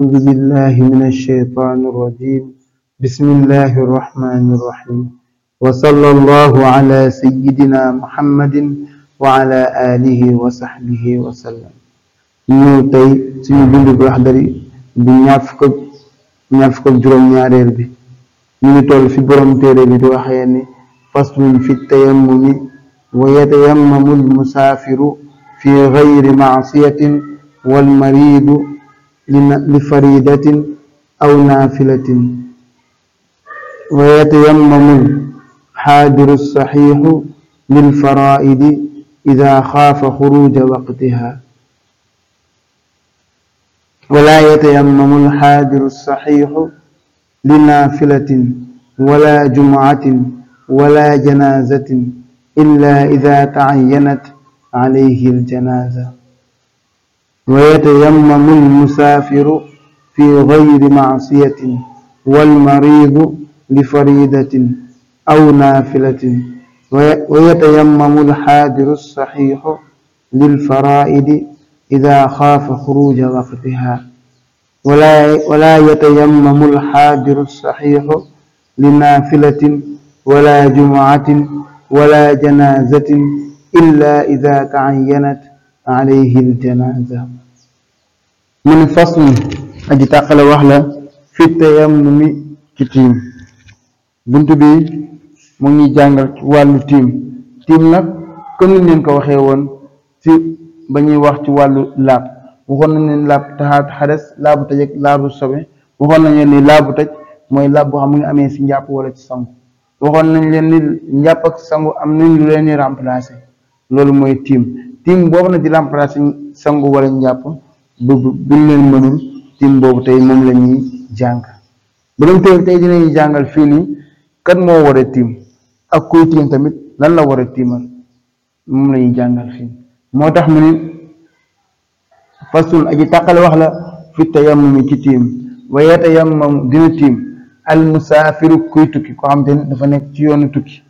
أعوذ بالله من الشيطان الرجيم بسم الله الرحمن الرحيم وصلى الله على سيدنا محمد وعلى آله وصحبه وسلم ñëw tey suñu bindu bu Laxdari bi ñaar fukk ak ñaar fukk ak juróom-ñaareel bi ñu ngi toll fi borom téere bi di waxee ni faslun fi tayammumi wa yatayammamu al musaafiru fi gayri maasiyatin wal mariidu لفريدة أو نافلة ويتيمم الحاضر الصحيح للفرائض إذا خاف خروج وقتها ولا يتيمم الحاضر الصحيح لنافلة ولا جمعة ولا جنازة إلا إذا تعينت عليه الجنازة ويتيمم المسافر في غير معصية والمريض لفريدة أو نافلة ويتيمم الحاضر الصحيح للفرائد إذا خاف خروج وقتها ولا يتيمم الحاضر الصحيح لنافلة ولا جمعة ولا جنازة إلا إذا تعينت alayhil janaza mu ne faslun aji tàqale wax la fi mi ci tiim bunt bi mu ngi jàngal wàllu tiim tiim nag comme ni leen ko waxee woon ci ba ñuy wax ci wàllu laab waxoon na leen laab taxaat xares laabu taj ak laabu sobe waxoon nañ leen ni laabu taj mooy laab boo xam mu ngi amee ci njàpp walla ci sangu waxoon nañ leen ni njàpp ak sangu am nañ lu leen di loolu mooy tiim tim boobu na di remplacé sangu wala njàpp bu buñ leen mënul tim boobu tey moom la ñuy jàng bu doon tey tey dinañu jàngal fii nii kan moo war a tiim ak kuy tim tamit lan la war a timal moom la ñuy jàngal fii moo tax mu ne fasul aji tàqale wax la fi tayammum ci tim wa yatayammam dina tim al musaafiru kuy tukki koo xam te ne dafa nekk ci yoonu tukki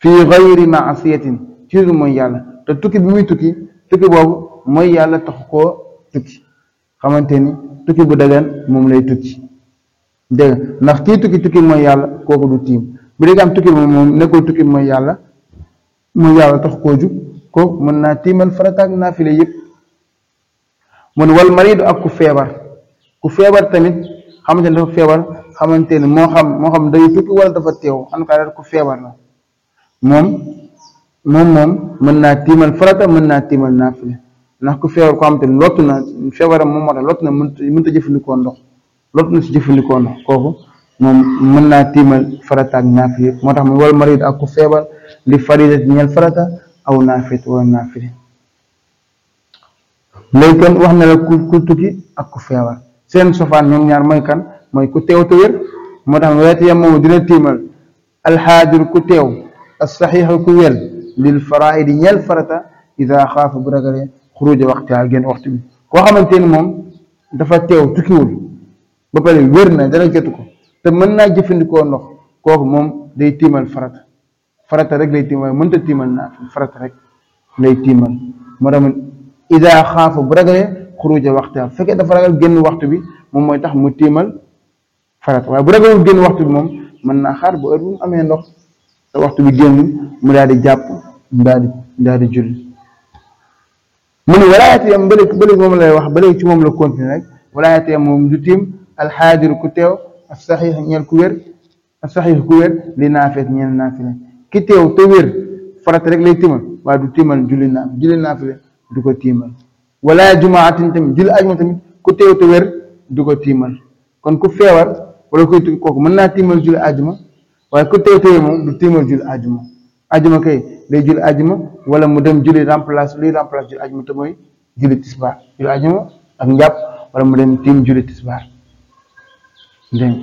fi gayri maasiyatin ci mooy yàlla te tukki bi muy tukki tukki boobu mooy yàlla tax koo tukki xamante ni tukki bu dagan moom lay tukki dégg ndax kii tukki tukki mooy yàlla kooku du tiim bu dee am tukki moom moom nekkul tukki mooy yàlla mooy yàlla tax koo jug kooku mën naa tiimal farata ak naafile yëpp mun wal mariidu ak ku feebar ku feebar tamit xamante ni dafa feebar xamante ne moo xam moo xam day tukki wala dafa teew en tout cas ku feebar la moom. moom moom mën naa tiimal farata mën naa tiimal naafile ndax ku feebar ko xam te lottu na feebaram moom moo tax lottu na mënut a jëfandikoo ndox lottu na si jëfandikoo ndox kooku moom mën naa tiimal farata ak naafile moo tax mu wal marid ak ku feebar li faridat ñeel aw naafile wala naafile léegi wax na la ku ku tukki ak ku feebar seen sofaan ñoom ñaar mooy kan mooy ku teew te wér moo tax mu weete yam moom dina tiimal alxaadir ku teew as saxiixu ku wér lil faraidi ñeel farata isa xaafa bu ragalee xuruja waxtiha génn waxtu bi koo xamante ni moom dafa teew tukkiwul ba pare na dana jotu ko mën naa jëfandikoo ndox kooku moom day tiimal farata farata rek lay tiimal mënta tiimal naa farata rek lay tiimal moo tax ida xaafa bu ragalee xuruja waxtiha fekkee dafa ragal génn waxtu bi moom mooy tax mu tiimal farata waaye bu ragalul génn waxtu bi moom mën naa xaar bu heure bu mu amee ndox te waxtu bi génn mu daal di jàpp daal di daal mu ne walaayatayam ba léegi ba léegi moom lay wax ba léegi ci moom la continué rek walaayatayam moom du tiim alxaadir ku teew ak saxiix ñeel ku wér ak saxiix ku wér li naafeet ñeel naafile ki du ko tiimal walaaya jumaatin tamit julli ajuma tamit ku teew te wér du ko tiimal kon ku feebar wala koy kooku mën naa tiimal julli ajuma waaye ku teew te wér moom du tiimal julli ajuma ajuma kay. day julli ajuma wala mu dem julli remplace luy remplace julli ajuma te mooy tisbaar julli ajuma ak njàpp wala mu dem tiim julli tisbaar dégg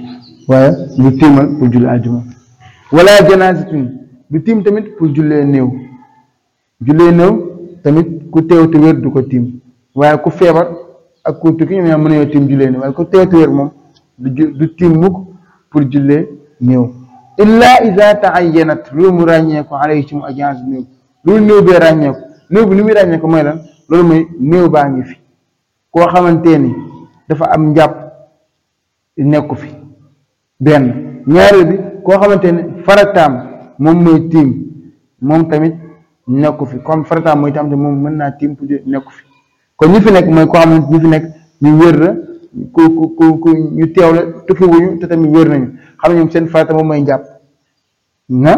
waaye du tiimal tiim tamit pour jullee néew jullee néew tamit ku teew te wér du ko tiim waaye ku feebar ak ku tukki ñoom ñoo mën a tiim jullee néew waaye ku teew te moom du tiim mukk pour jullee néew illaa ida taayyanat loolu mu ràññee ko alayhi ci mu agence néew loolu néew bee ràññee ko bi ni muy ràññeeku mooy lan loolu mooy néew baa ngi fi koo xamante ni dafa am njàpp nekku fi benn ñaareel bi koo xamante ni farataam moom mooy tiim moom tamit nekku fi comme mooy tiim moom mën naa tiim pour kon ñi fi nekk mooy koo xamante ñi fi nekk ñu wér la ku ku ku ñu teew la tukki wuñu te tamit wér nañu xam ne ñoom seen farata moom may jàpp na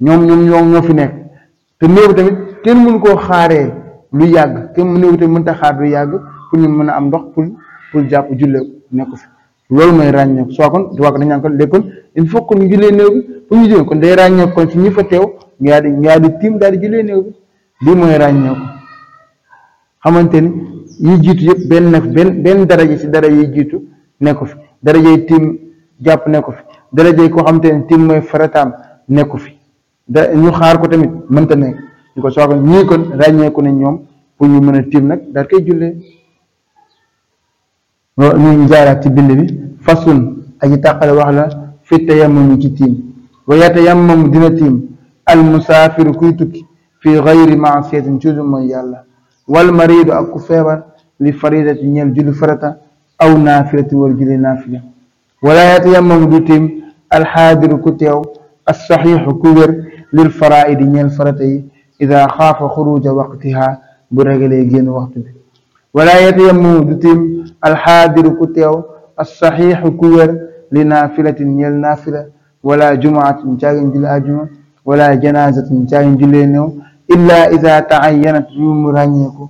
ñoom ñoom ñoom ñoo fi nekk te néew tamit kenn mënu koo xaaree lu yàgg kenn néew tamit xaar lu yàgg ñu mën a am ndox pour jàpp julle nekku fi loolu mooy ràññeeku soo kon du ko dañ naan ko léegi kon il faut que ñu jullee néew bi pour ñu jógee kon day ràññeeku kon si ñi fa teew ñu daal di ñu daal di tiim daal di jullee néew mooy ràññeeku xamante ni. yi jiitu yëpp benn naf benn benn daraja si daraja yi jiitu nekku fi daraja tiim jàpp nekku fi daraja yi koo xam ne tiim mooy farataam nekku fi da ñu xaar ko tamit mënta nekk ñu ko soo ko kon ràññeeku ne ñoom pour ñu mën a tiim nag daal koy jullee ñu jaaraat ci bind bi fasun aji tàqale wax la fi tayammum ci tiim wa yatayammam dina tiim al musaafiru kuy tukki fi gayri maasiyatin ci lu mooy yàlla wal mariidu ak ku feebar li faridati ñeel julli farata aw naafilati wala julli naafila wala yatayammam du tiim alxaadiru ku teew assaxiixu ku wér lil faraidi ñeel farata yi ida xaafa xuruja waqtiha bu ragalee génn waxtu bi wala yatayammam du tiim alxaadiru ku teew assaxiixu ku wér li naafilatin ñeel naafila wala jumaatin caagin julli ajuma wala janaazatin caagin jullee néew illaa ida taayanat yu mu ràññeeku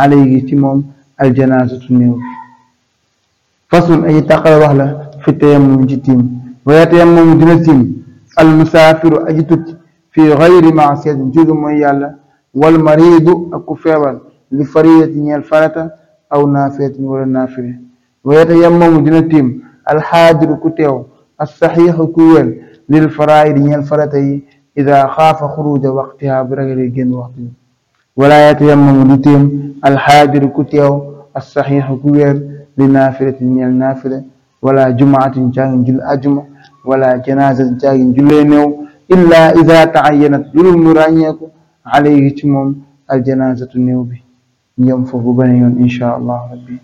alayhi ci moom aljanazatu néew fasul ay tàqal wax la fi tayammum ci tiim waya tayammum dina tiim almusaafiru aji tukki fi gayri maasiyatin ci du mooy yàlla wal mariidu ak ku feebar li faridati ñeel farata aw naafiyatin wala naafile waya tayammum dina tiim alxaadiru ku teew alsaxiixu ku wér lil faraayidi ñeel farata yi ida xaafa xuruja waqtiha bu ragalee génn waxtu bi walaa yatayammam du téem alxaadiru ku teew alsaxiixu ku wéer li naafilatin ñeel naafila wala jumaatin caagin jul ajuma wala janaazatin caagin jullee néew illaa ida taayanat dulul mu ràññeeku alayhi ci moom aljanazatu néew bi ñoom foofu ba ne yoon incha allah rabbi